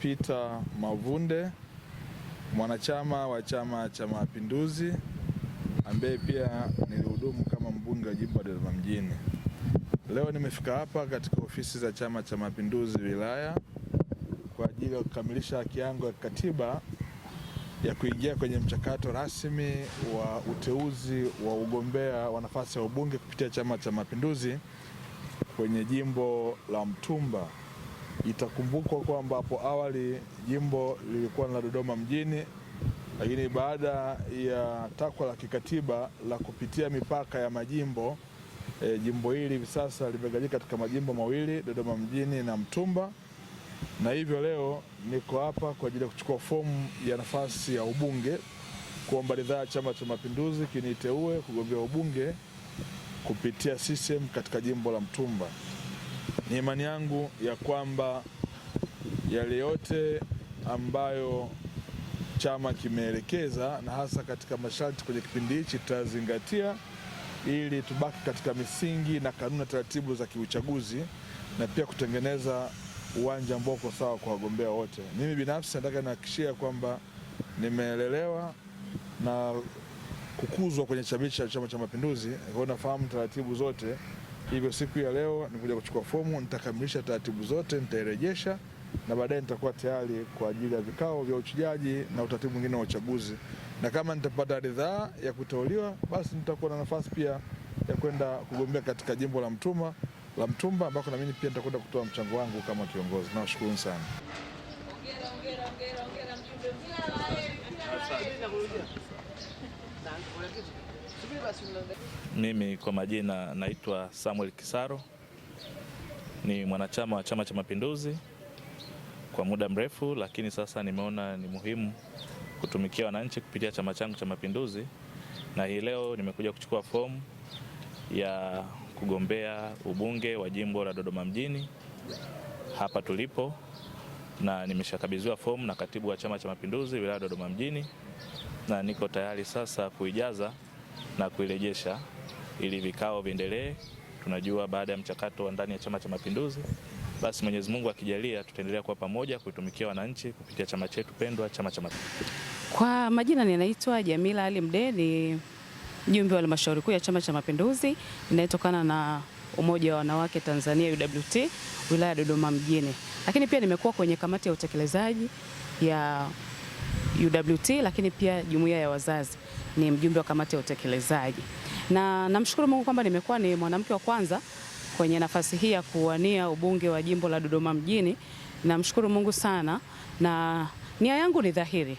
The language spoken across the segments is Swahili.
Peter Mavunde mwanachama wa Chama cha Mapinduzi ambaye pia nilihudumu kama mbunge wa jimbo la Dodoma mjini. Leo nimefika hapa katika ofisi za Chama cha Mapinduzi wilaya kwa ajili ya kukamilisha haki yangu ya kikatiba ya kuingia kwenye mchakato rasmi wa uteuzi wa ugombea wa nafasi ya ubunge kupitia Chama cha Mapinduzi kwenye jimbo la Mtumba. Itakumbukwa kwamba hapo awali jimbo lilikuwa na Dodoma mjini, lakini baada ya takwa la kikatiba la kupitia mipaka ya majimbo e, jimbo hili hivi sasa limegawanyika katika majimbo mawili, Dodoma mjini na Mtumba, na hivyo leo niko hapa kwa ajili ya kuchukua fomu ya nafasi ya ubunge, kuomba ridhaa ya Chama cha Mapinduzi kiniteue kugombea ubunge kupitia CCM katika jimbo la Mtumba. Ni imani yangu ya kwamba yale yote ambayo chama kimeelekeza na hasa katika masharti kwenye kipindi hichi tutazingatia ili tubaki katika misingi na kanuni na taratibu za kiuchaguzi na pia kutengeneza uwanja ambao uko sawa kwa wagombea wote. Mimi binafsi nataka nihakikishia kwamba nimeelelewa na kukuzwa kwenye chama cha Mapinduzi, kwa nafahamu taratibu zote. Hivyo siku ya leo nikuja kuchukua fomu, nitakamilisha taratibu zote, nitairejesha na baadaye nitakuwa tayari kwa ajili ya vikao vya uchujaji na utaratibu mwingine wa uchaguzi, na kama nitapata ridhaa ya kuteuliwa, basi nitakuwa na nafasi pia ya kwenda kugombea katika jimbo la Mtumba la Mtumba ambako na mimi pia nitakwenda kutoa mchango wangu kama kiongozi. Nawashukuru sana. Mimi kwa majina naitwa Samuel Kisaro, ni mwanachama wa Chama cha Mapinduzi kwa muda mrefu, lakini sasa nimeona ni muhimu kutumikia wananchi kupitia chama changu cha Mapinduzi, na hii leo nimekuja kuchukua fomu ya kugombea ubunge wa jimbo la Dodoma mjini hapa tulipo, na nimeshakabidhiwa fomu na katibu wa Chama cha Mapinduzi wilaya Dodoma mjini, na niko tayari sasa kuijaza na kuirejesha ili vikao viendelee. Tunajua baada ya mchakato wa ndani ya Chama cha Mapinduzi, basi Mwenyezi Mungu akijalia, tutaendelea kuwa pamoja kuitumikia wananchi kupitia chama chetu pendwa, Chama cha Mapinduzi. Kwa majina ninaitwa Jamila Ali Mdee, ni mjumbe wa halmashauri kuu ya Chama cha Mapinduzi inayotokana na Umoja wa Wanawake Tanzania UWT wilaya ya Dodoma mjini, lakini pia nimekuwa kwenye kamati ya utekelezaji ya UWT, lakini pia jumuiya ya wazazi, ni mjumbe wa kamati ya utekelezaji, na namshukuru Mungu kwamba nimekuwa ni mwanamke wa kwanza kwenye nafasi hii ya kuwania ubunge wa jimbo la Dodoma mjini. Namshukuru Mungu sana, na nia yangu ni dhahiri.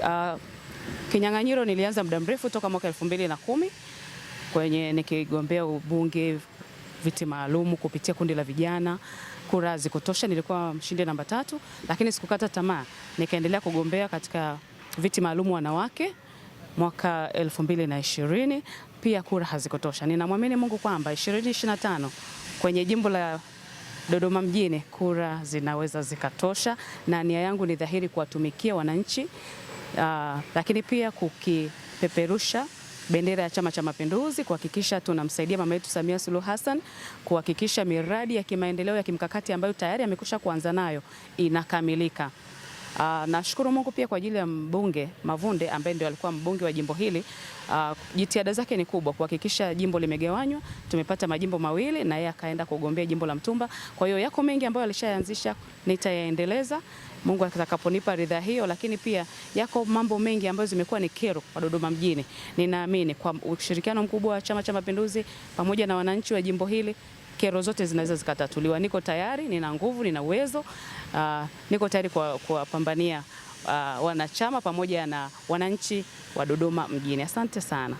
Uh, kinyang'anyiro nilianza muda mrefu toka mwaka elfu mbili na kumi kwenye nikigombea ubunge viti maalum kupitia kundi la vijana. Kura zikutosha, nilikuwa mshindi namba tatu, lakini sikukata tamaa, nikaendelea kugombea katika viti maalum wanawake mwaka 2020 pia kura hazikutosha. Ninamwamini Mungu kwamba 2025 kwenye jimbo la Dodoma mjini kura zinaweza zikatosha, na nia yangu ni dhahiri kuwatumikia wananchi, uh, lakini pia kukipeperusha bendera ya Chama cha Mapinduzi kuhakikisha tunamsaidia mama yetu Samia Suluhu Hassan kuhakikisha miradi ya kimaendeleo ya kimkakati ambayo tayari amekusha kuanza nayo inakamilika. Uh, nashukuru Mungu pia kwa ajili ya mbunge Mavunde ambaye ndio alikuwa mbunge wa jimbo hili. Ah, jitihada zake ni kubwa kuhakikisha jimbo limegawanywa, tumepata majimbo mawili na yeye akaenda kugombea jimbo la Mtumba. Kwa hiyo yako mengi ambayo alishaanzisha, nitayaendeleza Mungu atakaponipa ridhaa hiyo. Lakini pia yako mambo mengi ambayo zimekuwa ni kero kwa Dodoma mjini. Ninaamini kwa ushirikiano mkubwa wa Chama cha Mapinduzi pamoja na wananchi wa jimbo hili kero zote zinaweza zikatatuliwa. Niko tayari, nina nguvu, nina uwezo uh, niko tayari kuwapambania uh, wanachama pamoja na wananchi wa Dodoma mjini. Asante sana.